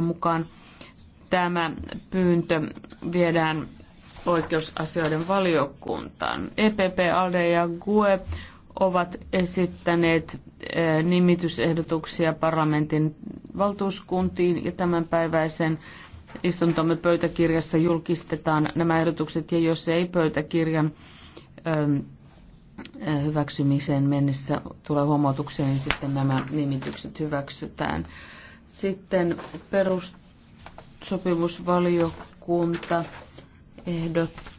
mukaan tämä pyyntö viedään oikeusasioiden valiokuntaan. EPP, ALDE ja GUE ovat esittäneet eh, nimitysehdotuksia parlamentin valtuuskuntiin ja tämänpäiväisen istuntomme pöytäkirjassa julkistetaan nämä ehdotukset ja jos ei pöytäkirjan ehm, eh, hyväksymiseen mennessä tule huomautukseen, niin sitten nämä nimitykset hyväksytään. Sitten perussopimusvaliokunta ehdottaa,